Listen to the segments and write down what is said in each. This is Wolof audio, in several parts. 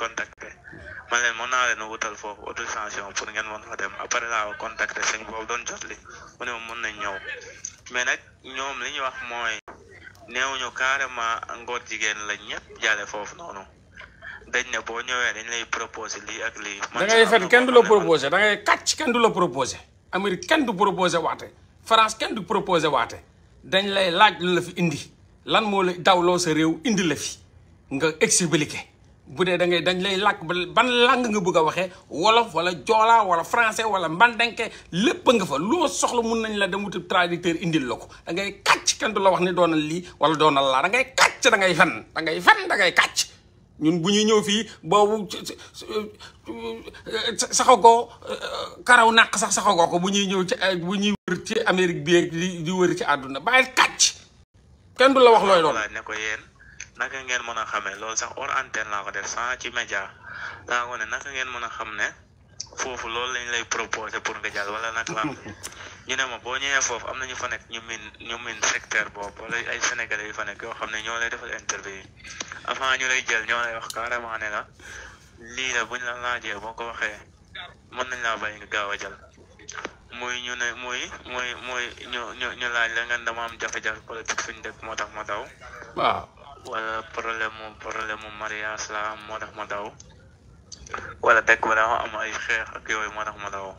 contacté man leen mën naa leen a wutal foofu autorisation pour ngeen mën fa dem après laa contacté sëñ boobu doon jot li mu ne mën nañ ñëw mais nag ñoom li ñu wax mooy néewuñu carrément ngóor jigéen lañ ñëpp jaale foofu noonu dañ ne boo ñëwee dañ lay proposé lii ak lii. da ngay fen kenn proposé da ngay kàcc kenn du la proposé Amérique kenn du proposé waate France kenn du proposé waate dañ lay laaj indi lan moo la dawloo sa réew indi la fi nga expliqué. bu dee da ngay dañ lay làkk ban làng nga bëgg a waxee wolof wala joolaa wala français wala mbandenke lépp nga fa lu ma soxla mun nañ la dem wuti traducteur indil la ko da ngay kàcc kenn du la wax ne doonal lii wala doonal laa da ngay kàcc da ngay fen da ngay fen da ngay ñun bu ñuy ñëw fii boobu saxagoo karaw nàq sax saxagoo ko bu ñuy ñëw ci bu ñuy wër ci Amérique bi di wër ci àdduna bàyyi kàcc du la wax looy doon ne ko yéen naka ngeen mën a xamee loolu sax or antenne laa ko def sans ci média laa ko ne naka ngeen mën a xam ne foofu loolu lañ lay proposé pour nga jàll wala nag la ñu ne ma boo ñëwee foofu am na ñu fa nekk ñu min ñu min secteur boobu wala ay sénégalais yu fa nekk yoo xam ne ñoo lay defal avant ñu lay jël ñoo lay wax carrément ne la lii la buñ la laajee boo ko waxee mën nañ laa bàyyi nga gaaw a jël muy ñu ne muy muy muy ñu ñu laaj la ngeen dama am jafe-jafe politique suñ dëkk moo tax ma daw waaw wala problème mu problème mu mariage la moo tax ma daw wala dëkk ba daa am ay xeex ak yooyu moo tax ma daw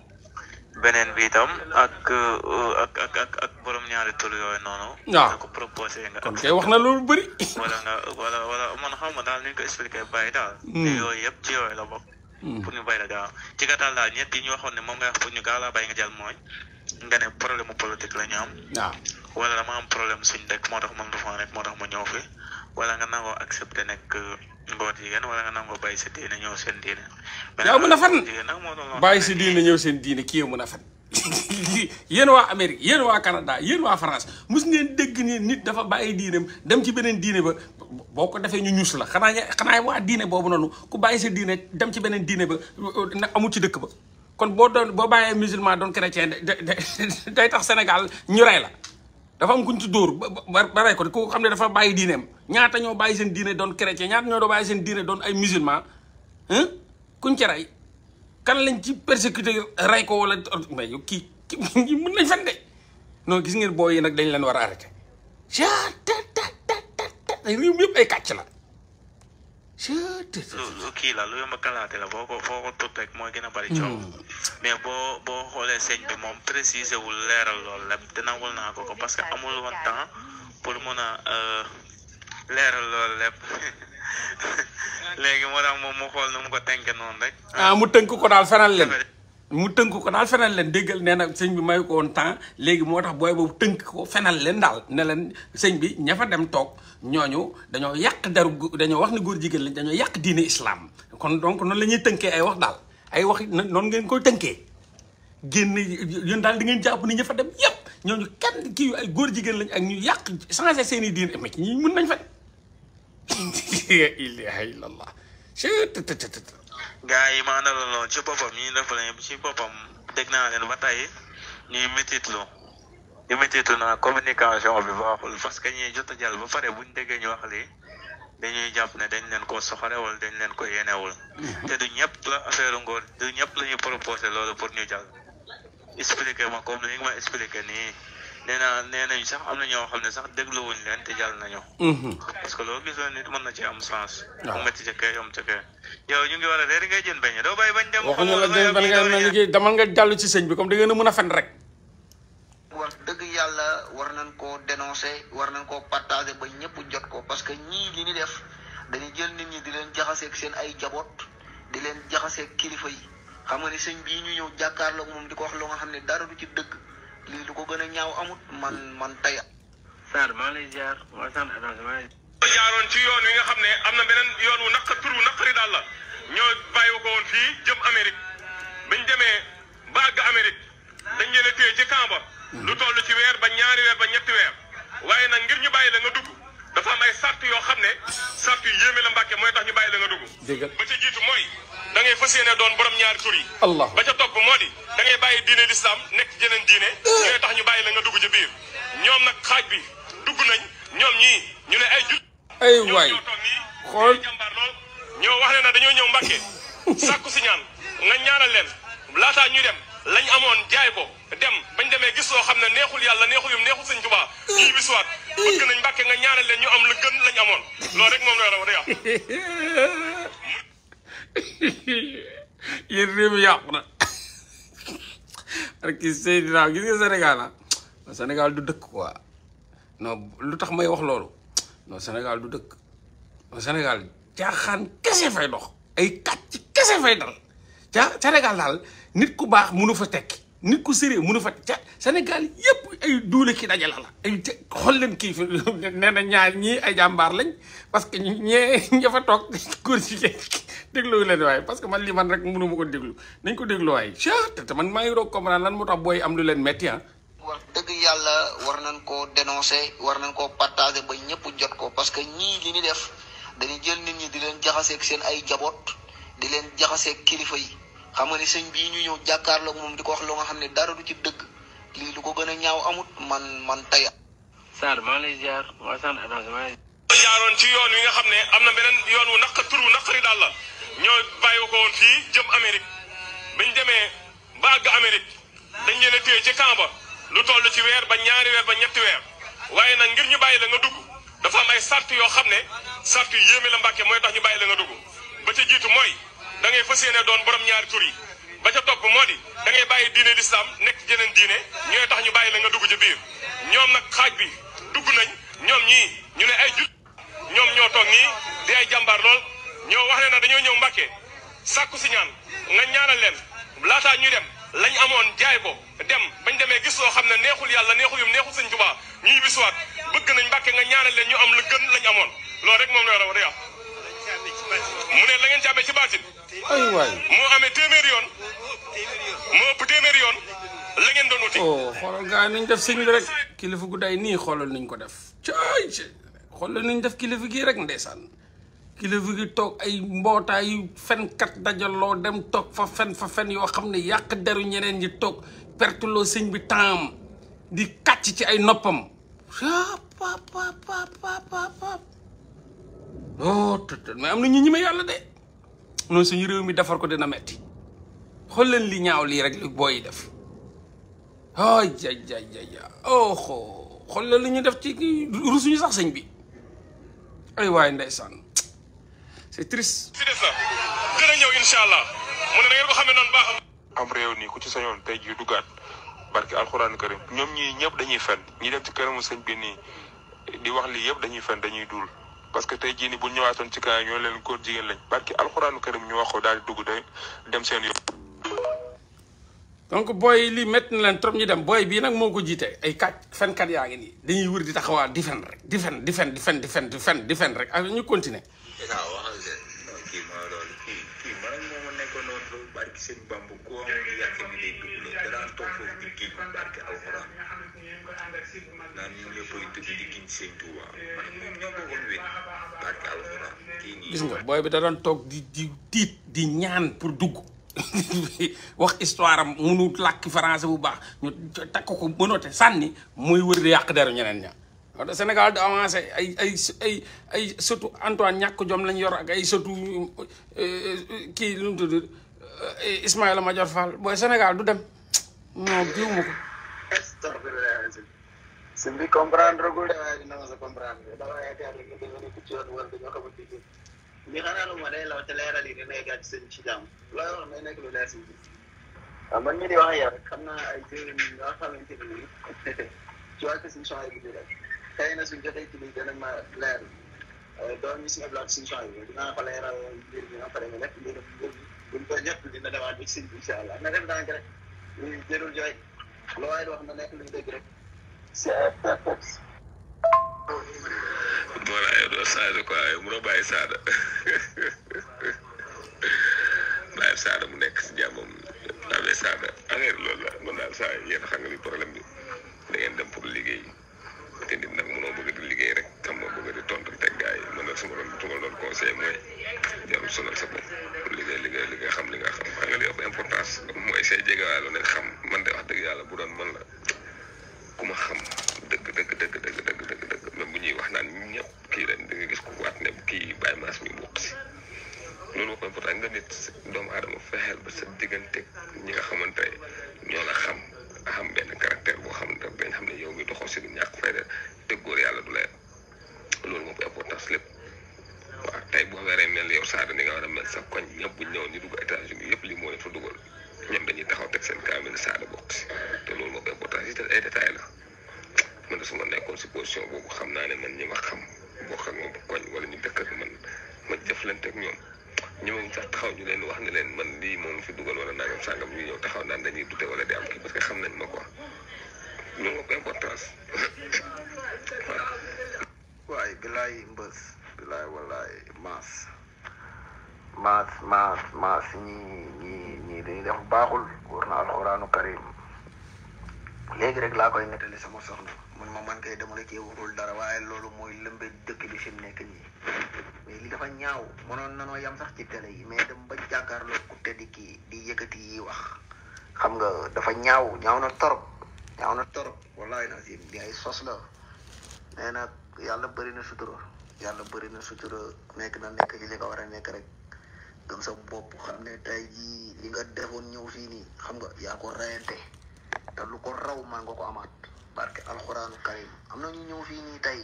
beneen bi itam ak uh, ak ak ak borom ñaari tur yooyu noonu. waaw nga ko proposé nga. kon kay wax na loolu bëri. wala nga wala wala man xam nga daal ni ñu ko expliqué bàyyi daal. Hmm. yooyu yëpp ci yooyu la bokk. Hmm. pour ñu bàyyi la gaaw ci gàttal daal ñett yi ñu waxoon ne moom nga wax pour ñu gaaw laa nga jàll mooy nga ne problème mu politique la ñu am. waaw wala dama am problème suñ dëkk moo tax man du fa nekk moo tax ma ñëw fi. wala nga nangoo accepté nekk euh, ngóor jigéen wala nga nangoo bàyyi sa diine ñëw seen diine. yaa mën a sa diine ñëw seen diine kii mën a fan. yéen waa Amérique yéen waa Canada yéen waa France mus ngeen dëgg ni nit dafa bàyyi diineem dem ci beneen diine ba boo ko defee ñu ñuus la xanaa ña xanaa waa diine boobu noonu ku bàyyi sa diine dem ci beneen diine ba na amul ci dëkk ba kon boo doon boo bàyyee musulman doon chrétien day tax Sénégal ñu rey la. dafa am kuñ ci dóor ba rey ko ku xam ne dafa bàyyi diineem ñaata ñoo bàyyi seen diine doon chrétien ñaata ñoo doo bàyyi seen diine doon ay musulman kuñ ci rey kan lañ ci persécuté rey ko wala mais yow kii kii mën nañ fen de non gis ngeen booy yi nag dañ leen war a arrêté. jaa ta ta ta ta réew mi yëpp ay kàcc la. lu kii la lu yomb kalaate la boo ko foo ko tut rek mooy gën a bari coow mais boo boo xoolee eh, sëñ bi moom précisé wul leeral loolu lépp te nangul naa ko ko parce que amul woon temps pour mun a leeral loolu lépp léegi moo tax moom mu xool nu mu ko tenke noonu rek ah mu tënk ko daal fenal leen mu tënk ko daal fenal leen déggal nee na sëñ bi mayu ko woon temps léegi moo tax booy boobu tënk ko fenal leen daal ne leen sëñ bi ña fa dem toog ñooñu dañoo yàq daru dañoo wax ni góor jigéen lañ dañoo yàq diine islam kon donc noonu la ñuy tënkee ay wax daal ay wax noon ngeen koy tënkee génn yéen daal di ngeen jàpp ni ñu fa dem yëpp ñooñu kenn kii ay góor jigéen lañ ak ñu yàq changé seen i diine mais ñi mun nañ fa la ilaha illallah cttt gars yi maa na la noonu ci boppam ñi def la ci boppam dégg naa leen ba tey ñuy métitlu météo na communication bi baaxul parce que ñi jot a jàll ba pare buñ déggee ñu wax lii dañuy jàpp ne dañ leen ko soxorewul dañ leen ko yéenewul mhm. te du ñëpp la affaire ngóor du ñëpp la ñuy proposé loolu pour ñu jàll expliqué ma comme li nga nii nee naa nee sax am na ñoo xam ne sax dégluwuñ leen te jàll nañu mhm. parce que loolu gis la nit mën na ci am sens mu métti ca kër yom ca yow ñu ngi war a réer ngay jën bañ doo bàyyi bañ dem nga damal jàll ci sëñ bi comme da ngeen a mën a fen rek wax dëgg yàlla war nañ koo dénoncer war nañ koo partager ba ñëpp jot ko parce que ñii li ñu def dañuy jël nit ñi di leen jaxaseeg seen ay jaboot di leen jaxaseeg kilifa yi xam nga ni sëñ bii ñu ñëw jàkkaarloog moom di ko wax loo nga xam ne dara du ci dëgg lii lu ko gën a ñaaw amut man man tey. Sarr maa lay ziar waa ci yoon wi nga xam ne am na beneen yoon wu naq tur wu naqari daal la ñoo bàyyi ko woon fii jëp Amérique biñ demee ba àgg Amérique dañ leen a téye ci camp lu toll ci weer ba ñaari weer ba ñetti weer waaye nag ngir ñu bàyyi la nga dugg dafa am ay sart yoo xam ne sart yu yéeme la mbàkke mooy tax ñu bàyyi la nga dugg ba ca jiitu mooy da ngay fas yéene doon borom ñaari tur yi allah ba ca topp moo di da ngay bàyyi diine lislaam nekk jeneen diine ñooy tax ñu bàyyi la nga dugg ci biir ñoom nag xaaj bi dugg nañ ñoom ñii ñu ne ay jul ay waay xool jàmbaar lool ñoo wax ne na dañoo ñëw mbàkke sàkku si ñaan nga ñaanal leen laataa ñuy dem lañ amoon jaay ko dem bañ demee gis loo xam ne neexul yàlla neexul yum neexul sëñ Tuubaa ñuy bisuwaat bëgg nañ Mbàkke nga ñaanal ñu am lu gën lañ amoon loolu rek moom la war a wax yéen yàqu na rek Seydina gis ah. du dëkk quoi lu tax may wax loolu non Sénégal du dëkk non Sénégal jaaxaan kese fay dox ay kàcc kese fay dal ca Sénégal daal nit ku baax mënu fa tekki nit ku sérieux mënu fa ca Sénégal yëpp ay duule ki dajale la ay xool leen kii fi nee na ñaar ñii ay jàmbaar lañ parce que ñee ña fa toog góor si déglu leen waaye parce que man lii man rek mënu ma ko déglu nañ ko déglu waaye chat te man maa ngi doog comprendre lan moo tax booy am lu leen métti ah wax dëgg yàlla war nañ koo dénoncer war nañ koo partager ba ñëpp jot ko parce que ñii li ñu def dañuy jël nit ñi di leen jaxaseeg seen ay jaboot di leen jaxasee kilifa yi xam nga ne bii ñu ñëw jàkkaarloog moom di ko wax loo nga xam ne dara du ci dëgg lii lu ko gën a ñaaw amut man man tey. Sarr maa lay ziar waa Sarr avance ci yoon wi nga xam ne am na beneen yoon wu naq tur wu naqari daal la ñoo bàyyi ko woon fii jëm Amérique biñ demee ba àgg Amérique dañ leen a téye ci camp lu toll ci weer ba ñaari weer ba ñetti weer waaye nag ngir ñu bàyyi la nga dugg dafa am ay sart yoo xam ne sart yu yéeme la Mbàkke mooy tax ñu bàyyi la nga dugg ba da ngay fas yéene doon borom ñaari tur ba ca topp moo di da ngay bàyyi diine lislaam nekk jeneen diine ñooy tax ñu bàyyi la nga dugg ca biir ñoom nag xaaj bi dugg nañ ñoom ñii ñu ne ay ju ñoom ñoo toog nii di ay jàmbaar lool ñoo wax ne na dañoo ñëw Mbàkke sàkku si ñaan nga ñaanal leen laataa ñu dem lañ amoon jaay ko dem bañ demee gis loo xam ne neexul yàlla neexul yum neexul sëñ Tuubaa ñuy bisuwaat bëgg nañ Mbàkke nga ñaanal leen ñu am lu gën lañ amoon loolu rek moom la war a mu ne la ngeen ci amee ci baatin ay waay moo amee téeméeri yoon moo ëpp téeméeri yoon la ngeen doon wuti. oh xoolal nañ def sëñ bi rek kilifa gu day nii xoolal nañ ko def caay xoolal nañ def kilifa gii rek ndeysaan kilifa gi toog ay mbootaayu fenkat dajaloo dem toog fa fen fa fen yoo xam ne yàq deru ñeneen ñi toog pertuloo sëñ bi taam di kàcc ci ay noppam mais am na ñu ñi yàlla de mun suñu réew mi defar ko dina metti xool leen li ñaaw lii rek li booy yi def oh ja ja ja ja leen li ñu def ci rusuñu sax sëñ bi ay waay ndeysaan c'est triste. si des na dina ñëw incha allah mu ne na ngeen ko xamee noonu baax am réew nii ku ci sañoon tey jii duggaat barki alxuraan karim ñoom ñii ñëpp dañuy fen ñi dem ci këramu sëñ bi nii di wax lii yëpp dañuy fen dañuy duul. parce que tey jii nii bu ñëwaatoon ci kaa ñoo leen góor jigéen lañ barki alxuraanu karim ñu wax ko daal di dugg de dem seen yoon. donc booy li métti na leen trop ñu dem booy bii nag moo ko jiite ay kat fenkat yaa ngi nii dañuy wër di taxawaa di fen rek di fen di fen di fen di fen rek ñu continuer. waaw gis nga booy bi da doon toog di tiit di ñaan pour dugg wax histoire am munu làkki français bu baax ñu takk ko mënoote sànni muy wër di yàq deru ñeneen ña wala Sénégal du avancé ay ay ay ay surtout Antoine ñàkk jom lañu yor ak ay surtout euh, euh, kii lu mu tudd euh, Ismaïla Madior Fall booy Sénégal du dem non jiw ma ko si bi comprendre gul de waaye dina mos a comprendre dama yaakaar ni ñu dafa a ci yoon wala dañoo xamante ni li xanaa lu ma day law te leeral yi dina yeggaat seen ci jàmm looy wax may nekk lu leer si biir waaw ah, man mii di wax ak yow xam naa ay jëriñ yoo xamante ni ci wàllu suñu champs yi bi rek xëy na suñ jotee ci lii dana ma leer eh, doon ñu suñu bloc suñu champs yi dinaa ko leeral mbir mi nga pare nga nekk mbir mi buñ ko ñëpp dina demaat bi si incha allah na def daanaka rek ñu jërul wax na nekk luñ dëgg rek. Bola Edo Sadio quoi munoo bàyyi Sadio bàyyi Sadio mu nekk si jàmmam amee Sadio affaire loolu la man daal saa yéen xam nga problème bi da ngeen dem a liggéey te nit nag munoo bëgg di liggéey rek xam nga bëgg di tontu teg gars yi man nag ma doon su ma doon conseil mooy jarul sonal sa bopp liggéey liggéey li nga xam li nga xam xam nga li importance mooy say jegewaay lu nekk xam man de wax dëgg yàlla bu doon man la. ku ma xam dëgg dëgg dëgg dëgg dëgg dëgg dëgg même bu ñuy wax naan ñëpp kii ren di gis ku waat ne kii bàyyi maas mi bokk si loolu moo koy pourtant nga nit doomu aadama fexeel ba sa diggante ñi nga xamante ñoo xam xam benn caractère boo xam ne xam ne yow mi doxoo si ñàkk fayda te góor yàlla du lay loolu moo koy importance lépp waaw tey boo waree mel yow Sadio ni nga war a mel sa koñ ñëpp bu ñëw ñu dugg États-Unis yëpp li moo leen fa dugal ñoom dañuy taxaw teg seen kaamil saaga bokk si te loolu moo koy important si ay détail la man de su ma nekkoon si boobu xam naa ne man ñi ma xam boo xam moom koñ wala ñu dëkk man ma jëflante ak ñoom ñooñu sax taxaw ñu leen wax ne leen man lii moom fi dugal wala nangam sangam ñu ñëw taxaw naan dañuy dute wala di am kii parce que xam nañ ma quoi loolu moo koy importance waaw. waay bilaay mbës bilaay walaay maas. maas maas maas ñi ñii ñii dañuy def baaxul war na alxuraanu karim léegi rek laa koy nettali sama soxna mun ma man kay dama la cee waxul dara waaye loolu mooy lëmbe dëkk bi fi nekk nii dafa ñaaw mënoon nanoo yam sax ci télé yi mais dem ba jàkkaarloo ku tedd kii di yëkkati yi wax xam nga dafa ñaaw ñaaw na torop ñaaw na torop wallahi na si di sos la nee na yàlla bëri na sutura yàlla bëri na sutura nekk na nekk ci li nga war a nekk rek gëm sa bopp xam ne tey ji li nga defoon ñëw fii nii xam nga yaa ko rayante te lu ko raw maa nga ko amaat parce que alxuraanu karim am na ñu ñëw fii nii tey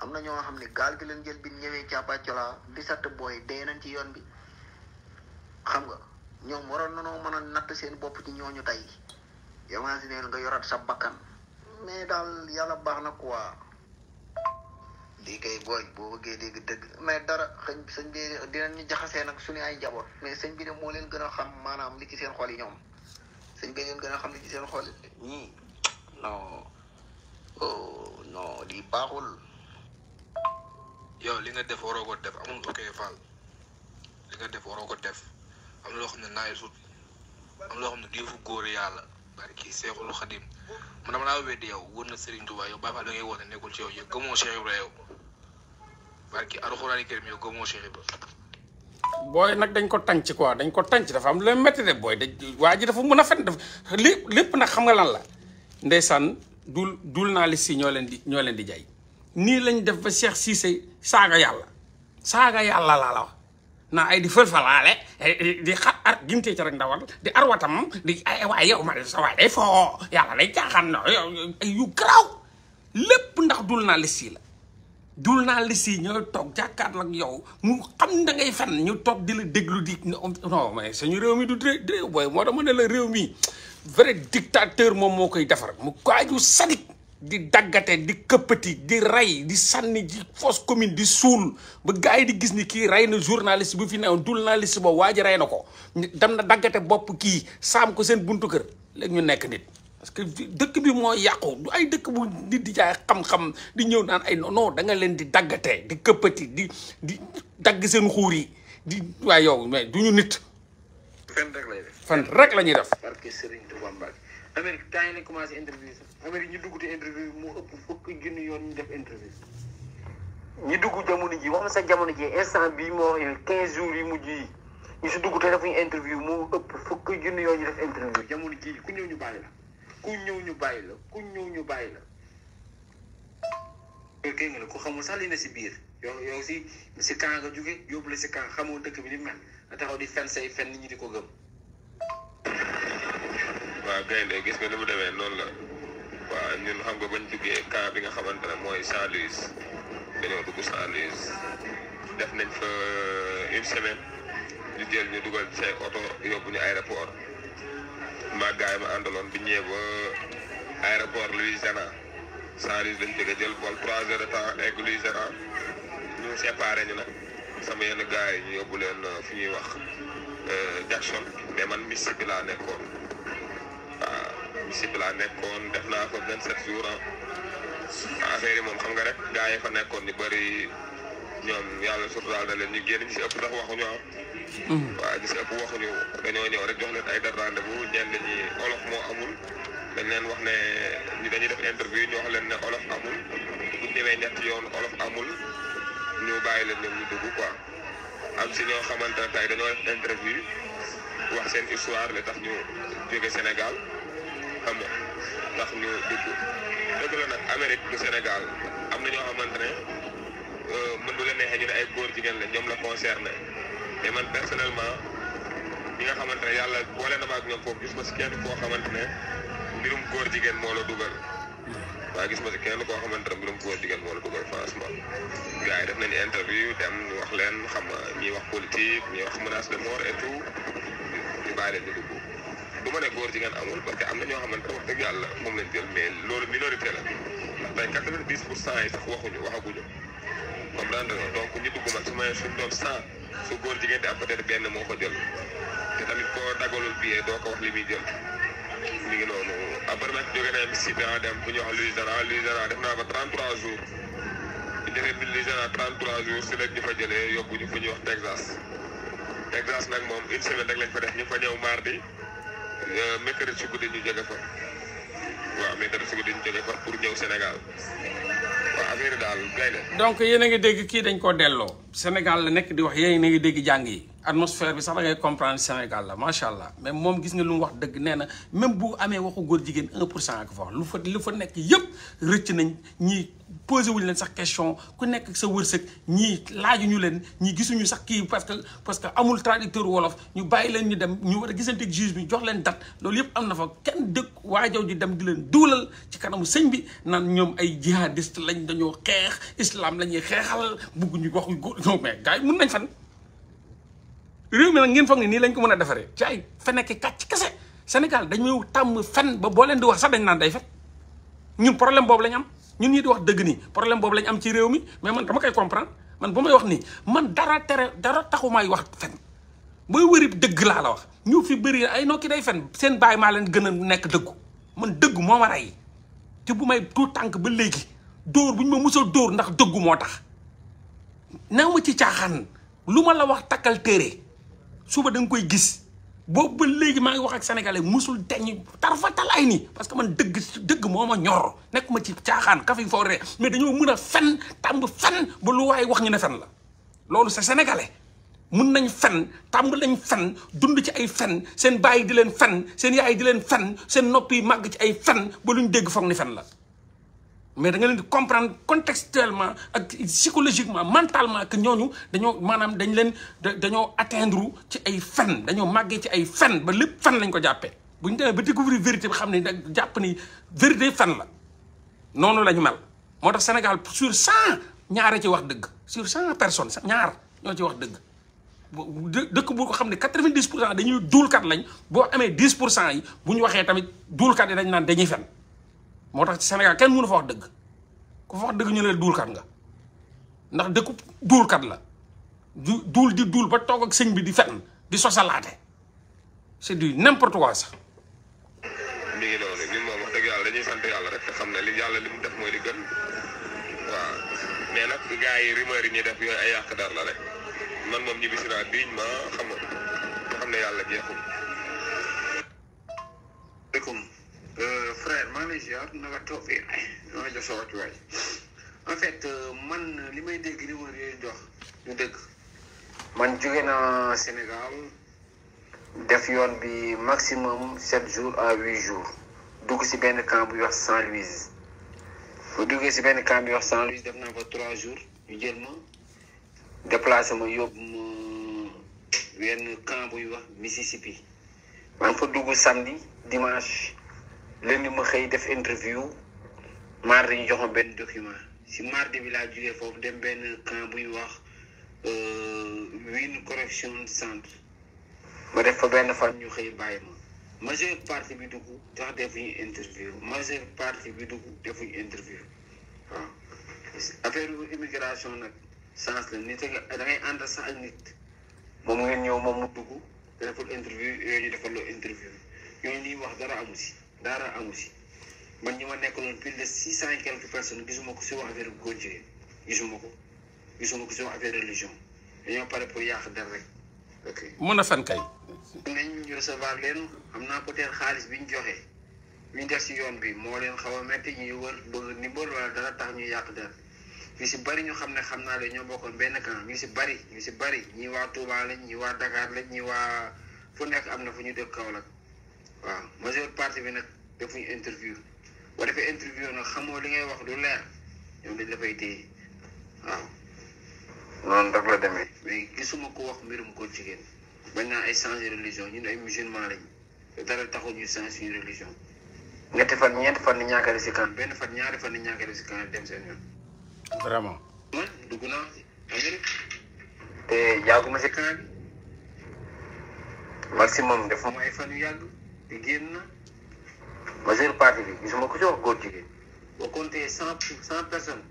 am na ñoo xam ne gaal gi leen jël bi ñëwee càppa colaa di satt booy dee nañ ci yoon bi xam nga ñoom waroon nanoo mën a natt seen bopp ci ñooñu tey imagine nga yoraat sa bakkan mais daal yàlla baax na quoi lii kay booy boo bëggee dégg dëgg mais dara xëñ sëñ bi dinañ ñu jaxasee nag suñu ay jaboot mais sëñ bi de moo leen gën a xam maanaam li ci seen xol yi ñoom sañ bi leen gën a xam li ci seen xol ñii non oh, non di baaxul yow li nga def waroo ko def am loo xam ne naay sut am loo xam ne diifu góor yàlla barki Seexul Xadim na dama laa weddi yow wër na Serigne Touba yow Baye Fall da ngay a nekkul ci yow yow gëmoo Cheikh Ibra yow barki Alxuraan Karim booy nag dañ ko tànc quoi dañ ko tànc dafa am lu leen booy dañ waa ji dafa mën a fen def lépp lépp nag xam nga lan la. ndeysaan dul dul naa li si ñoo leen di ñoo leen di jaay nii lañ def ba Cheikh Cissé saaga yàlla saaga yàlla laa la wax naa ay di fël falaale Eh, eh, di xat ar gimtee ci rek ndawal di arwatam di ay eh, waay yow ma sa waay day foo yàlla day caaxaan na yu garaaw lépp ndax dul naa lis yi la dul naa lis yi ñooy toog jàkkaat ak yow mu xam da ngay fen ñu toog di la déglu di non mais suñu réew mi du réew booy moo tax ma ne la réew mi vrai dictateur moom moo koy defar mu kaaju sadik di daggate di këppati di rey di sànni di fosse commune di suul ba gars yi di gis ni kii rey na journaliste bu fi newoon journaliste ba waa ji rey na ko dem na daggate bopp kii saam ko seen buntu kër léegi ñu nekk nit parce que dëkk bi moo yàqu ay dëkk bu nit di jaay xam-xam di ñëw naan ay non da nga leen di daggate di këppati di di dagg seen xuur yi di waaye yow mais du ñu nit fan rek la ñuy def parce Amérique temps yi lañ commencé interview sax Amérique ñu dugg te interview mu ëpp fukki junni yoon ñu def interview ñu dugg jamono ji wax na sax jamono ji instant bii moo wax quinze jours yi mujj yi ñu si dugg te defuñu interview mu ëpp fukki junni yoon ñu def interview jamono ji ku ñëw ñu bàyyi la ku ñëw ñu bàyyi la ku ñëw ñu bàyyi la loolu dégg nga la ku xamul sax li na si biir yow yow si si kan nga jóge yóbbu la si kan xamoo dëkk bi ni mel nga taxaw di fen say fen nit ñi di ko gëm waaw gaynde gis nga ni mu demee noonu la waaw ñun xam nga bañ duggee cas bi nga xamante ne mooy Saint-Louis dañoo dugg Saint-Louis def nañ fa euh, une semaine ñu jël ñu dugal say oto yóbbu ñu aéroport ma gaay ma àndaloon bi ñëwee ba aéroport Louisiana Saint-Louis dañ jóge jël vol trois heures de temps egg Louisiana ñu séparé ñu nag sama yenn gaay ñu yóbbu leen euh, fi ñuy wax euh, Jackson mais man Mississippi laa nekkoon. si laa nekkoon def naa ko 27 jours ah, ah affaire moom xam nga rek gars yi fa nekkoon ñu bëri ñoom yàlla suturaal na leen ñu génn ñu si ëpp sax waxuñu ah. Mm-hmm. waaw ñu si ëpp waxuñu dañoo ñëw rek jox leen ay date rendez-vous ñenn olof moo amul dañ leen wax ne ñu dañuy def interview ñu wax leen ne olof amul bu ñëwee ñett yoon olof ñu bàyyi leen ñoom ñu dugg quoi am si ñoo xamante ne tey dañoo def interview wax seen histoire le tax ñu jóge Sénégal. xam nga tax ñu dugg dëgg la nag Amérique du Sénégal am na ñoo xamante ne euh, mën leen la neexee ñu ay góor jigéen la ñoom la concerné te man personnellement ñi nga xamante ne yàlla boole na ma ak ñoom foofu gis ma si koo xamante ne mbirum góor jigéen moo la dugal waaye gis ma si kenn koo xamante ne mbirum góor jigéen moo la dugal franchement gars yi def nañu interview dem ñu wax leen xam ñuy wax politique ñuy wax menace de mort et tout ñu bàyyi leen ñu dugg ma ne góor jigéen amul parce que am na ñoo xamante wax dëgg yàlla moom lañ jël mais loolu quatre vingt dix pour cent yi sax waxuñu waxaguñu comprendre nga donc ñu dugg man su ma suñ doon cent su góor jigéen benn moo ko jël te tamit bi dagalul billet doo ko wax li muy jël mi ngi noonu après nag jóge nañ si biir ah, dem bu ñu wax Louga dara ah, Louga dara def naa ba 33 jours bu ñu defee Louga dara 33 jours si lañ ñu fa jëlee yóbbu ñu fu ñuy wax Texas Texas nag moom une semaine rek lañ fa def ñu fa ñëw mardi. mercredi si guddi ñu jóge fa waaw mercredi si guddi ñu jóge fa pour ñëw Sénégal waaw affaire daal gaynde donc yéen a ngi dégg kii dañ koo delloo Sénégal la nekk di wax yéen a ngi dégg jàng yi atmosphère bi sax da ngay comprendre Sénégal la macha allah mais moom gis nga lu mu wax dëgg nee na même bu amee waxu góor jigéen 1 pour cent ak fa lu fa lu fa nekk yëpp rëcc nañ ñi posé wuñ leen sax question ku nekk sa wërsëg ñii laajuñu leen ñii gisuñu sax kii parce que parce que amul traducteur wolof ñu bàyyi leen ñu dem ñu war a gisante juge bi jox leen date loolu yëpp am na fa kenn dëkk waajaw ji dem di leen duulal ci kanamu sëñ bi naan ñoom ay jihadiste lañ dañoo xeex islam la ñuy xeexal bugg ñu wax góor mais gars yi mun nañ fan réew mi nag ngeen foog ne nii lañ ko mën a defaree ci ay fenekki kàcc kese Sénégal dañuy tàmm fen ba boo leen di wax sax dañ naan day fen ñun problème boobu lañ am ñun ñi di wax dëgg nii problème boobu lañ am ci réew mi mais man dama koy comprendre man bu may wax nii man dara tere dara taxumaay wax fen booy wëri dëgg laa la wax ñu fi bëri ay nokki day fen seen baay maa leen gën a nekk dëggu man dëgg moo ma rey te bu may tuut tànk ba léegi dóor bu ma mos dóor ndax dëggu moo tax. naa ci caaxaan lu ma la wax takkal téere suba da nga koy gis boobu ba léegi maa ngi wax ak sénégalais musul teñ tarfatal ay nii parce que man dëgg dëgg moom a ñor nekk ma ci caaxaan foo fooree mais dañoo mën a fen tàmb fen ba lu waaye wax ñu ne fen la loolu c'est sénégalais mun nañ fen tàmb lañ fen dund ci ay fen seen baay di leen fen seen yaay di leen fen seen nopp yi màgg ci ay fen ba luñ dégg foog ni fen la mais da nga leen di comprendre contextuellement ak psychologiquement mentalement que ñooñu dañoo maanaam dañ leen dañoo atteindre ci ay fen dañoo màggee ci ay fen ba lépp fen lañ ko jàppee bu ñu demee ba découvrir vérité bi xam ne da jàpp ni vérité fen la noonu la ñu mel moo tax Sénégal sur cent ñaare ci wax dëgg sur cent personnes ñaar ñoo ci wax dëgg dëkk bu ko xam ne quatre-vingt-dix pour cent lañ boo amee dix pour cent yi bu ñu waxee tamit duulkat yi dañ naan dañuy fen moo tax ci Sénégal kenn mënu fa wax dëgg ku fa wax dëgg ñu ne duulkat nga ndax dëkku duulkat la du duul di duul ba toog ak sëñ bi di fenn di sosalaate c'est du n'importe quoi sax. mi ngi noonu ñun moom wax dëgg yàlla dañuy sant yàlla rek te xam ne li yàlla li mu def mooy li gën waaw mais nag gars yi rumeur yi ñuy def yooyu ay yàq dar la rek man moom ñu bis naa biñ ma xam ne yàlla jeexul. Euh, frère maa ngi lay ziar na nga toogee maa ngi jox sa wàccuwaay euh, man li may dégg li ma leen dëgg man jóge na Sénégal def yoon bi maximum sept jours à huit jours dugg si benn camp bu wax Saint-Louis bu duggee si benn camp bi wax Saint-Louis def naa fa trois jours ñu jël ma déplacé ma yóbbu ma wenn camp buy wax Mississippi maa ngi fa dugg samedi dimanche. lundi ma xëy def interview mardi ñu jox ma benn document si mardi bi laa jugee foofu dem benn camp bu wax euh, Win correction centre ma def fa benn fan ñu xëy bàyyi ma majeure partie bi dugg tax defuñu interview majeure partie bi duggu defuñu interview waaw affaire immigration nag sens la nit da ànd sax ak nit moom ngeen ñëw moom mu dugg te deful interview yooyu ñu defal loo interview ñooñu liy wax dara amu si daal amu si man ñu ma nekkaloon plus de six cent et quelques personnes gisuma ko si wax affaire góor jigéen gisuma ko gisuma ko si wax affaire religion dañoo pare pour yàq der rek ok. mën a fan kay. recevoir leen xam naa peut xaalis bi ñu joxe ñu def si yoon bi moo leen xaw a métti ñuy wër bëgg ndimbal wala dara tax ñu yàq der ñu si bari ñu xam ne xam naa dañoo bokkoon benn camp ñu si bari ñu si bari ñuy waa Touba lañ ñuy waa Dakar lañ ñii waa fu nekk am na fu ñu dëkk Kaolack. waaw majeure partie bi nag defuñu interview boo defee interview nag xamoo li ngay wax lu leer ñoom dañ la fay téye waaw. noonu rek la demee. mais gisuma ko wax mbirum ko jigéen bañ naa ay changer religion ñun ay musulman lañ te dara taxul ñu changer suñu religion. ñetti fan ñeent fan ni ñaakari si kan. benn fan ñaari fan ni ñaakari si kan dem seen yoon. vraiment. dugg naa Amérique. te yàgguma si kan bi. maximum def ma ay fan yu yàgg. di génn majeure partie bi gisuma ku ko wax góor boo compté cent cent personnes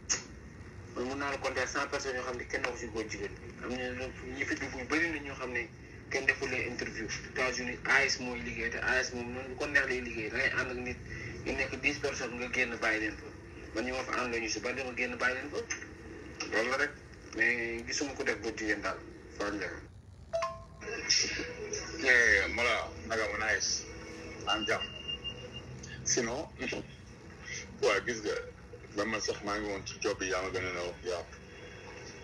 man mun naa la compté cent personnes yoo xam ne kenn waxu si góor jigéen am na ñi fi dugg bëri na ñoo xam ne kenn deful leen interview États-Unis AS mooy liggéey te AS moom noonu lu ko neex lay liggéey da ngay ànd ak nit ñu nekk dix personnes nga génn bàyyi leen fa man ñu ma fa ànd ñu si ban dama génn bàyyi leen fa loolu rek mais gisuma ko def góor jigéen daal fan njëriñ. Eh, Mawla naka ma am jàmm sinon waaw gis nga man man sax maa ngi woon ci job bi yaa ma gën a wax yàpp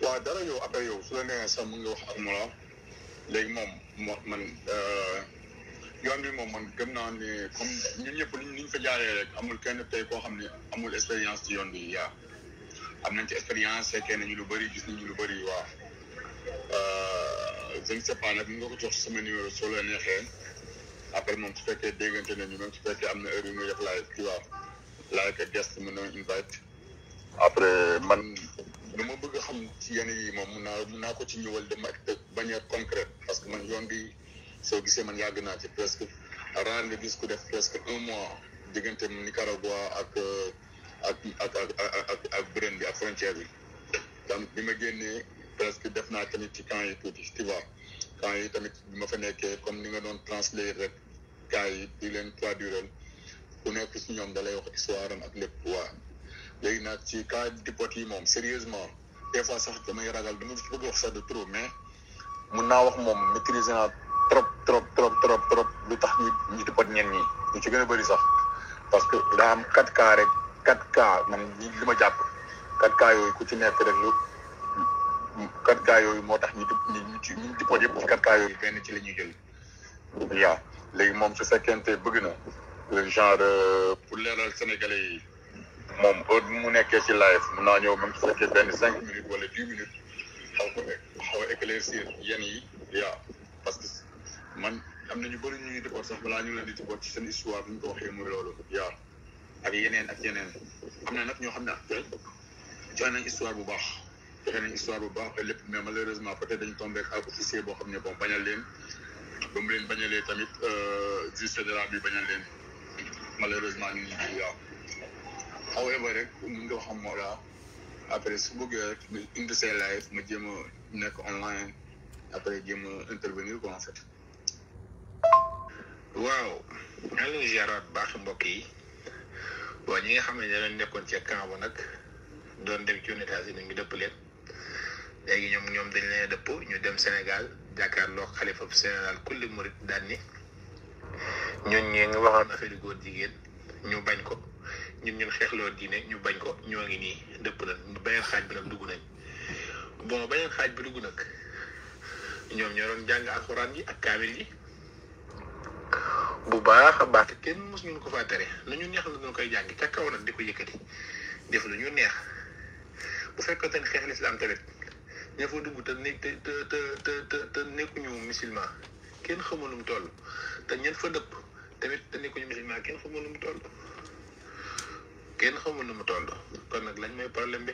waaw dara yow après yow su la neexee sax mu ngi wax ak Mollah léegi moom moo man euh, yoon bi moom man gëm naa ne comme ñun ñëpp ni ñu fa jaaree rek amul kenn tey koo xam ne amul expérience ci yoon bi yaa am nañ ci expérience fekkee nañu lu bëri gis nañu lu bëri waaw euh, je ne sais pas nag mu nga ko jox sama numéro soo la neexee après moom su fekkee déggante nañu même su fekkee am na heure yu muy def laaj kii waaw laaj ak invite après man lu ma bëgg a xam ci yenn yi moom mun naa mun naa ko ci ñëwal de manière concrète parce que man yoon bi soo gisee man yàgg naa ci presque rare nga gis ku def presque un mois diggante ni ak ak ak ak ak bërën bi ak frontière bi donc bi ma génnee presque def naa tamit ci camp yi tuuti tu temps yi tamit bi ma fa nekkee comme ni nga doon translate rek gars yi di leen traduire ku nekk ci ñoom dalay wax histoire am ak lépp waa léegi naa ci cas dipot yi moom sérieusement des fois sax damay ragal dama ci bëgg wax sax de trop mais mun naa wax moom maîtriser naa trop trop trop trop lu tax ñu ñu dipot ñen ñu ci gën a bëri sax parce que daa am quatre cas rek quatre cas man li ma jàpp quatre cas yooyu ku ci nekk rek lu quatre cas yooyu moo tax ñu ñu ñu ñu dippoon yëpp ci quatre cas yooyu benn ci la ñuy jël waaw léegi moom su fekkente bëgg na genre euh, pour leeral sénégalais yi moom heure mu nekkee ci live mun naa ñëw même su fekkee benn cinq minutes wala dix minutes xaw ko e-, xaw a éclaircir yenn yi waaw parce que man am na ñu bëri ñu ngi dippoon sax balaa ñu leen di dippoon ci seen histoire bi ñu ko waxee muy loolu waaw ak yeneen ak yeneen am na nag ñoo xam ne joxe nañ histoire bu baax seen histoire bu baax ba lépp mais malheureusement peut-être dañu tombé ak officier boo xam ne bon bañal leen ba mu leen bañalee tamit euh, juge fédéral bi bañal leen malheureusement ñu ngi waaw however rek mun nga xam su bëggee rek indi say live ma jéem a nekk online après jéem a intervenir quoi en fait waaw allo baax mbokk yi waaw ñi nga xam ne dañ nekkoon ci camp ba nag doon dem ci États-Unis ñu dëpp leen léegi ñoom ñoom dañ leen dëpp ñu dem Sénégal jàkkaarloo xalifa bu Sénégal kulli murit daan ni ñun ñi ngi waxoon affaire góor jigéen ñu bañ ko ñun ñun xeexloo diine ñu bañ ko ñoo ngi nii dëpp nañ beneen xaaj bi dugg nañ bon beneen xaaj bi dugg nag ñoom ñoo doon jàng alxuraan yi ak kaamil yi bu baax a baax kenn mos ñun ko faa tere nu ñu neex la dañ koy jàng ca kaw nag di ko yëkkati def lu ñu neex bu te ne xeex lislaam tamit ña fa dugg te ne te te te te te nekkuñu musulman kenn xamul nu mu te ñen fa dëpp tamit te nekkuñu musulman kenn xamul nu mu toll nu mu toll kon nag lañ mooy problème bi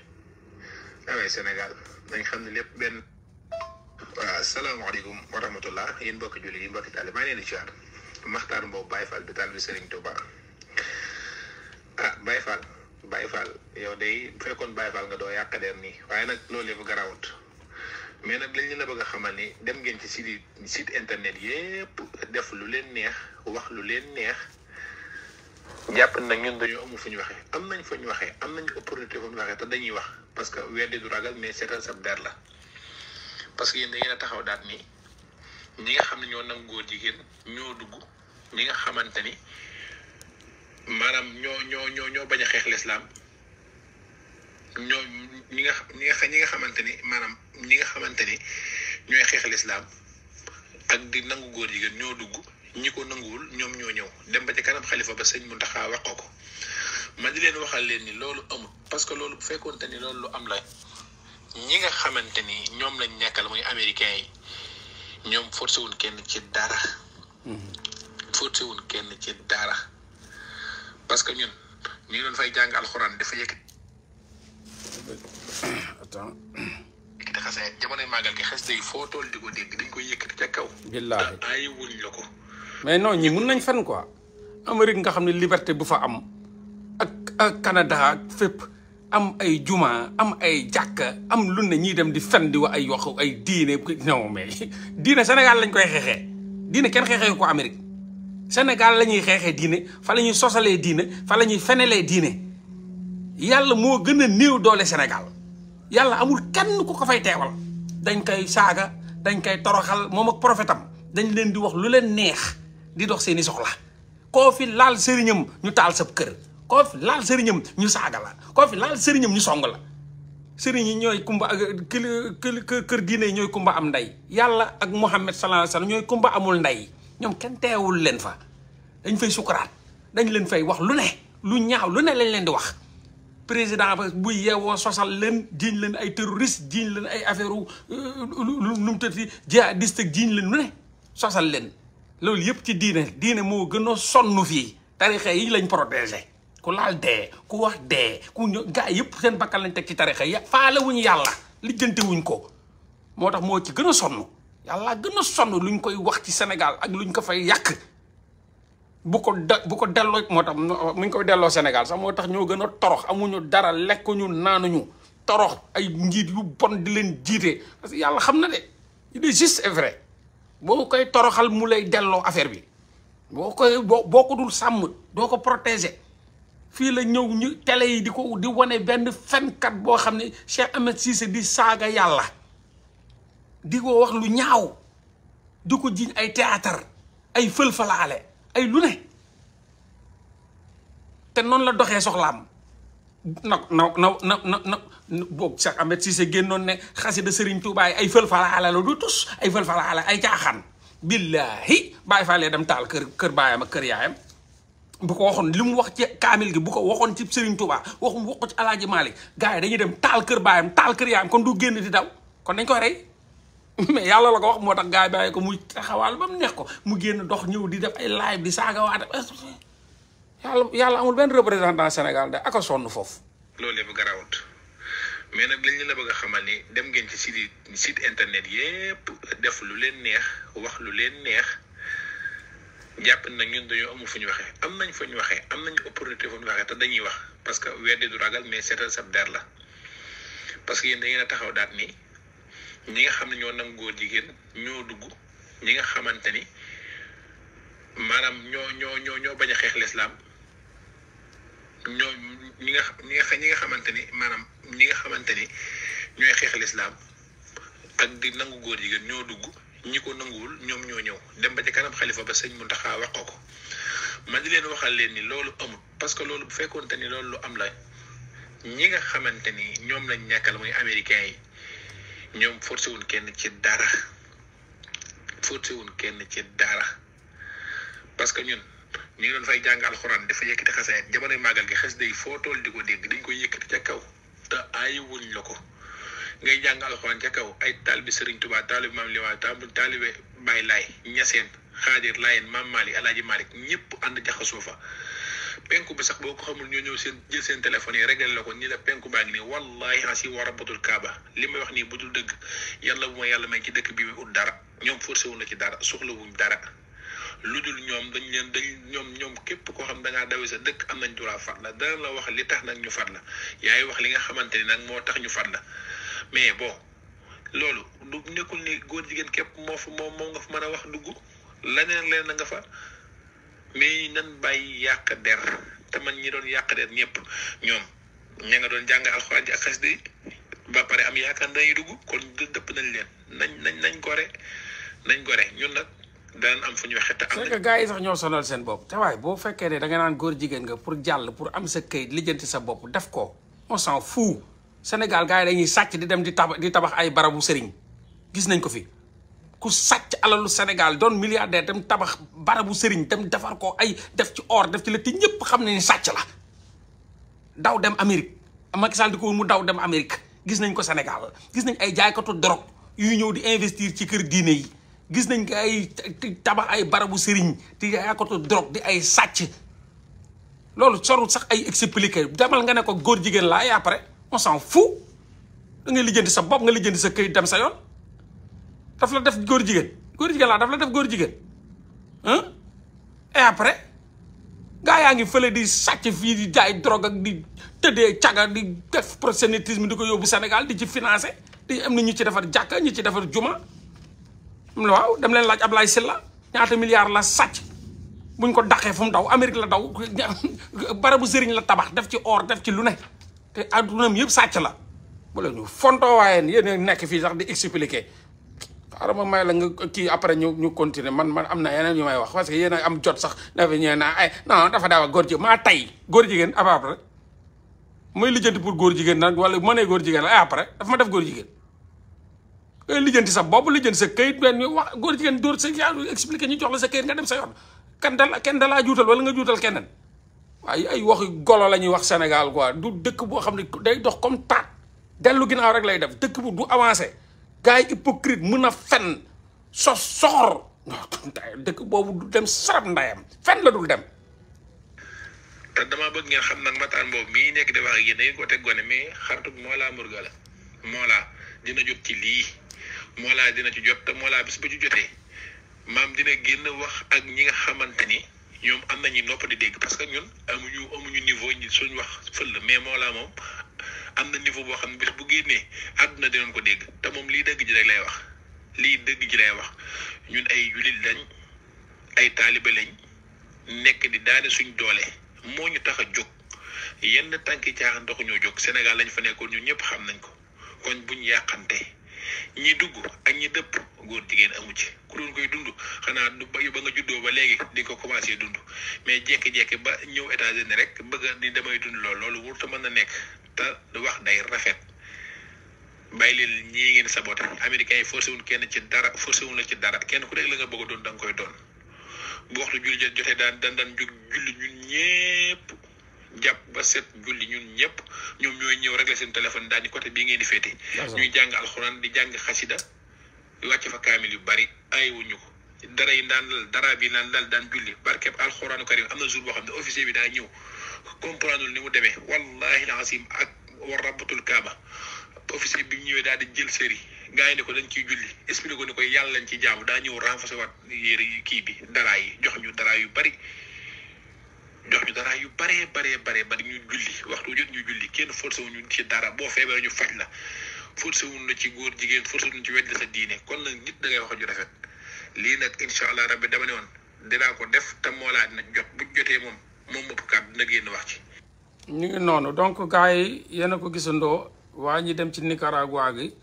waaye ah Sénégal dañ xam ne lépp benn. waaw salaamaaleykum wa rahmatullah yéen mbokki jullit yi mbokki taalibe maa ngi leen di ziar Maxtaar Mbow Baye Fall bi taal bi Serigne Touba ah Baye Fall Baye Fall yow day fekkoon Baye Fall nga doo yàq nii waaye nag loolu yëpp garawut mais nag lañ leen a bëgg a xamal ni dem ngeen ci site site internet yépp def lu leen neex wax lu leen neex jàpp nag ñun dañoo amul fu ñu waxee am nañ fa ñu waxee am nañ opportunité fu ñu waxee te dañuy wax parce que weddi du ragal mais seetal sab der la parce que yéen da a taxaw daat ni ñi nga xam ne ñoo nangoo jigéen ñoo dugg ñi nga xamante ni maanaam ñoo ñoo ñoo ñoo bañ a xeex lislaam ñoo ñi nga ñi nga ñi nga xamante ni maanaam ñi nga xamante ni ñooy xeex lislaam ak di nangu góor jigéen ñoo dugg ñi ko nanguwul ñoom ñoo ñëw dem ba ci kanam xalifa ba sëñ Muntaxa wax ko ma di leen waxal leen ni loolu amul parce que loolu bu fekkoonte ni loolu lu am la ñi nga xamante ni ñoom lañ nekkal muy américain yi ñoom forcé kenn ci dara forcé kenn ci dara parce que ñun ñu doon fay jàng alxuraan dafa yëkk yëkkati xasaayit jamonoy màggal gi foo tool di ko dañ koy yëkkati ca kaw. Ah, mais non ñi mun nañ fen ko Amérique nga xam ne liberté bu fa am ak Canada fépp am ay juma am ay jàkka am lu ne ñuy dem di fen di wa ay wax ay diine non mais diine Sénégal lañ koy xeexee diine kenn xeexee ko Amérique senegal la ñuy xeexee diine fa la ñuy sosalee diine fa la ñuy fenelee diine yàlla moo gën a néew doole Sénégal. yàlla amul kenn ku ko fay teewal dañ koy saaga dañ koy toroxal moom ak profetam dañ leen di wax lu leen neex di dox seeni soxla koo fi laal sëriñam ñu taal sab kër koo fi laal ñu saaga la koo fi laal sëriñam ñu song la sëriñ yi ñooy kumba ak kër diine ñooy kumba am ndey yàlla ak Muhammad sallallahu alayhi wasallam ñooy kumba amul ndey ñoom kenn teewul leen fa dañ fay sukuraat dañ leen fay wax lu ne lu ñaaw lu ne lañ leen di wax président ba buy yeewoo sosal leen jiiñ leen ay terroriste jiiñ leen ay affaire u euh, nu mu tëddi jihadiste ak jiiñ leen ne sosal leen loolu yëpp ci diine diine moo gën a sonn fii tarixa yi lañ protégé ku laal dee ku wax dee ku ñëw gaa yëpp seen bakkan lañ teg ci tarixa yi faale wuñ yàlla lijjante wuñ ko moo tax moo ci gën a sonn yàlla gën a sonn luñ koy wax ci Sénégal ak luñ ko fay yàq bu ko bu ko delloo moo tax mu ngi koy delloo Sénégal sax moo tax ñoo gën a torox amuñu dara lekkuñu naanuñu torox ay njiit yu bon di leen jiite parce yàlla xam na de il est juste et boo koy toroxal mu lay delloo affaire bi boo koy boo boo ko dul sàmm doo ko protéger fii la ñëw ñu télé yi di ko di wane benn fenkat boo xam ne Cheikh Ahmed Cissé di saaga yàlla di ko wax lu ñaaw di ko jiñ ay théâtre ay fël-falaale ay lu ne te noonu la doxee soxlaam na na na na na boog sax Ahmed Cissé génnoon ne xasida Serigne Touba ay fël falaala la du tus ay fël falaala ay caaxaan billahi bàyyi taal kër kër baayam ak kër yaayam bu ko waxoon li mu wax ci kaamil bu ko waxoon ci Serigne Touba waxum wax ci Alaaji Maalik gars yi dañu dem taal kër baayam taal kër yaayam kon du génn di daw kon dañ koy rey mais yàlla la ko wax moo tax gars yi bàyyi ko muy taxawaal ba mu neex ko mu génn dox ñëw di def ay live di saagawaat yàlla yàlla amul benn représentant Sénégal de ak a sonn foofu. loolu yëpp garawut mais nag lañ la bëgg a xamal ni dem ngeen ci site site internet yépp def lu leen neex wax lu leen neex jàpp nag ñun dañoo amul fu ñu waxee am nañ fu ñu waxee am nañ opportunité fu ñu waxee te dañuy wax parce que weddi du ragal mais seetal sab der la parce que yéen da ngeen a taxaw daat ni. ñi nga xam ne ñoo nangoo jigéen ñoo dugg ñi nga xamante ni maanaam ñoo ñoo ñoo ñoo bañ a xeex lislaam ñoo ñi nga ñi nga xamante ni maanaam ñi nga xamante ni ñooy xeex lislaam ak di nangu góor jigéen ñoo dugg ñi ko nanguwul ñoom ñoo ñëw dem ba ci kanam xalifa ba sëñ Muntaxa wax ko man di leen waxal leen ni loolu amul parce que loolu bu fekkoonte ni loolu lu am la ñi nga xamante ni ñoom lañ ñàkkal muy américain yi ñoom forcé wuñ kenn ci dara forcé wuñ kenn ci dara parce que ñun ñu ngi doon fay jàng alxuraan dafa yëkkati xasaayat jamonoy màggal gi xes day foo tool di ko dégg dañ koy yëkkati ca kaw te ayi wuñ la ko ngay jàng alxuraan ca kaw ay taalibi Serigne Touba taalibi maam Liwaa taalibi Baay Laay Ñaseen Xaadir Laayeen maam Maalik Alaaji Maalik ñëpp ànd jaxasoo fa penku bi sax boo ko xamul ñoo ñëw seen jël seen téléphone yi réglé la ko ni la penku baa ngi nii wallahi asi wa rabbatul kaaba li may wax nii bu dul dëgg yàlla bu ma yàlla may ci dëkk bi ut dara ñoom forcé wuñ la ci dara soxlawuñ dara lu dul ñoom dañu leen dañ ñoom ñoom képp koo xam da ngaa dawe sa dëkk am nañ droit fat la dana la wax li tax nag ñu fat la yaay wax li nga xamante ne nag moo tax ñu fat la mais bon loolu du nekkul ni góor jigéen képp moo fa moom moo nga mën a wax dugg leneen leen na nga fa mais nan bàyyi yàq der te man ñi doon yàq der ñëpp ñoom ña nga doon jàng alxuraan ji ak xasida yi ba pare am yaakaar dañuy dugg kon dëpp nañ leen nañ nañ nañ gore nañ gore ñun nag danañ am fu ñu waxee te am c'est que yi sax ñoo sonal seen bopp te waaye boo fekkee ne da naan góor jigéen nga pour jàll pour am sa këyit lijjanti sa bopp def ko on s'en senegal Sénégal gars yi dañuy sàcc di dem di tabax di tabax ay barabu sëriñ gis nañ ko fi ku sàcc alalu Sénégal doon milliardaire dem tabax bara bu sëriñ dem defar ko ay def ci or def ci la te ñëpp xam ne ni sàcc la daw dem Amérique Macky Sall di ko mu daw dem Amérique gis nañ ko Sénégal gis nañ ay jaaykatu drogue yuy ñëw di investir ci kër diine yi gis nañ ko ay tabax ay barabu sëriñ di jaaykatu drogue di ay sàcc loolu sorul sax ay expliqué demal nga ne ko góor jigéen laa et après on s'en fout da nga lijjanti sa bopp nga lijjanti sa këyit dem sa daf la def góor jigéen góor jigéen laa daf la def góor jigéen et après gaa yaa ngi fële di sàcc fii di jaay drogue ak di tëddee caga di def proxénétisme di ko yóbbu Sénégal di ci financé di am na ñu ci defar jàkk ñu ci defar juma waaw dem leen laaj Ablaye Sylla ñaata milliards la sàcc buñ ko daqee fu mu daw Amérique la daw bare bu sëriñ la tabax def ci or def ci lu ne te addunam yëpp sàcc la bu la ñu fontoo waaye yéen nekk fii sax di expliquer xaaral ma may la nga kii après ñu ñu continuer man man am na yeneen yu may wax parce que yéen am jot sax dafa ñëwee naa ay eh, non dafa daaw a góor jigéen maa tay góor jigéen après mooy lijjanti pour góor jigéen nag wala bu ma góor jigéen la eh, après def góor jigéen. ngay lijjanti sa bopp lijjanti sa këyit benn ñu wax góor jigéen dóor sa yaa expliqué ñu jox la sa këyit nga dem sa yoon kan dal kenn dalaa juutal wala nga juutal keneen waaye ay waxi golo la ñuy wax Sénégal quoi du dëkk boo xam ne day dox comme taat dellu ginnaaw rek lay def dëkk bu du avancé. gars yi hypocrite mun a fen sos soxor dëkk boobu du dem sarab ndayam fen la dul dem te damaa bëgg ngeen xam nag mataan boobu mii nekk di wax ak yéen dañu ko teg gone mais xartug Mollah Morgun la dina jot ci lii Mollah dina ci jot te Mollah ci jotee maam dina génn wax ak ñi nga xamante ni ñoom am nañu nopp di dégg parce que ñun amuñu amuñu niveau suñ wax fël mais Mollah moom am na niveau boo xam ne bis bu génnee àdduna dinañ ko dégg te moom lii dëgg ji rek lay wax lii dëgg ji lay wax ñun ay julit lañ ay taalibe lañ nekk di daane suñ doole moo ñu tax a jóg yenn tànki caaxaan ndoxu ñoo jóg Sénégal lañ fa nekkoon ñun ñëpp xam nañ ko kon buñ yàqante ñi dugg ak ñi dëpp góor jigéen amu ci ku doon koy dund xanaa du ba nga juddoo ba léegi di ko commencé dund mais jékki-jékki ba ñëw États-Unis rek bëgg ni damay dund lool loolu wurtu mën na nekk te lu wax day rafet bàyyi leen ñii ngeen saboté américains yi forcé wuñ kenn ci dara forcé wuñ la ci dara kenn ku nekk la nga bëgg doon da koy doon bu waxtu julli jot jotee daan daan daan jug julli ñun ñëpp jàpp ba set julli ñun ñëpp ñoom ñooy ñëw régler seen téléphone daal di côté bii ngeen di féete ñuy jàng alxuraan di jàng xasida wàcc fa kaamil yu bari ay ayiwuñu ko dara yi daan dara bi naan daal daan julli barkeb alxuraanu karim am na jour boo xam ne officier bi daa ñëw comprendre ni mu demee wallahi laasim ak war rabatul kaaba officier bi mu ñëwee daal di jël sëri gaa yi ko dañ ciy julli expliqué ko ne ko yàlla lañ ci jaamu daa ñëw renforcé waat yére yi kii bi daraa yi jox ñu daraa yu bari jox ñu daraa yu baree baree baree bari ñu julli waxtu jot ñu julli kenn forcé wuñu ci dara boo feebaree ñu faj la forcé wuñ la ci góor jigéen forcé wuñ ci wedd sa diine kon nag nit dangay ngay wax ju rafet lii nag incha allah rabbi dama ne woon dinaa ko def tam moo laa dina jot bu jotee moom moom ëpp kàddu dina génn wax ci. ñu ngi noonu donc gars yi yéen a ko gisandoo waa ñi dem ci Nicaragua gi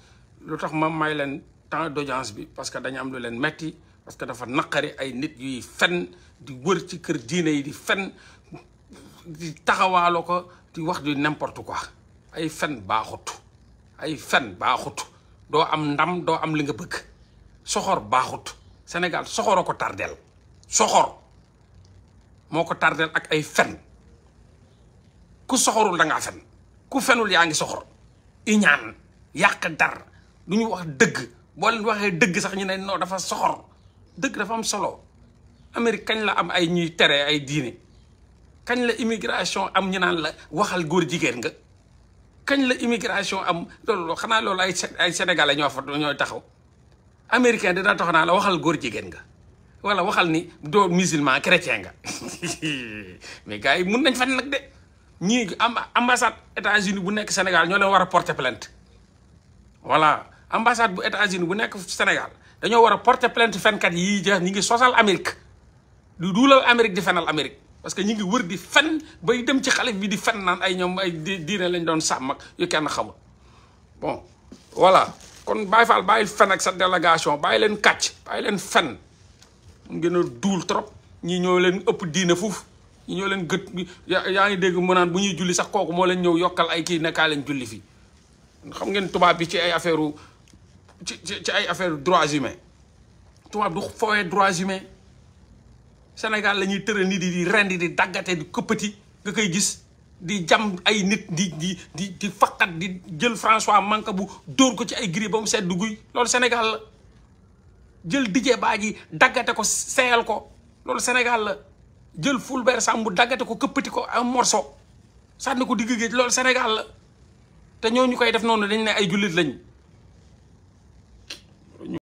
lu tax ma may leen temps d'audience bi parce que dañu am lu leen metti parce que dafa naqari ay nit yuy fen di wër ci kër diine yi di taxawaaloo ko di wax du n'importe quoi ay fen baaxut ay fen baaxut doo am ndam doo am li nga bëgg soxor baaxut Sénégal soxoroo ko tardeel soxor moo ko tardeel ak ay fen ku soxorul da fen ku fenul yaa ngi soxor iñaan yàq dar du ñu wax dëgg boo leen waxee dëgg sax ñu ne non dafa soxor dëgg dafa am solo Amérique kañ la am ay ñuy tere ay diine kañ la immigration am ñu la waxal góor jigéen nga kañ la immigration am loolu xanaa loolu ay ay sénégalais ñoo fa ñooy taxaw américain dina tax naa la waxal góor jigéen nga wala waxal ni doo musulman chrétien nga mais gars yi mun nañ fan nag de ñii ambassade États-Unis bu nekk Sénégal ñoo leen war a porter plainte voilà ambassade bu États-Unis bu nekk Sénégal dañoo war porte porter plainte fenkat yi ñi ngi sosal Amérique du duulal Amérique di fenal Amérique parce que ñi ngi wër di fen bay dem ci xalif bi di fen naan ay ñoom ay diine lañ doon sàmm ak kenn xamul bon voilà kon Baye Fall bàyyi fen ak sa délégation bàyyi leen kàcc bàyyi leen fen gën a duul trop ñi ñoo leen ëpp diine foofu ñi ñoo leen gët yaa ngi dégg mu naan bu ñuy julli sax kooku moo leen ñëw yokkal ay kii nekkaa leen julli fii xam ngeen tubaab bi ci ay affaire ci ci ay affaire droits humains tubaab du fowee droits humains Sénégal la ñuy tëral nit yi di rendi di daggate di këppati nga koy gis di jam ay nit di di di di fakkat di jël François Manka bu dóor ko ci ay gri ba mu sedd guy loolu Sénégal la jël Didier Badji daggate ko seyal ko loolu Sénégal la jël Fulbert Sambou daggate ko këppati ko un morceau sànni ko digg géej loolu Sénégal la te ñu koy def noonu dañ ne ay jullit lañ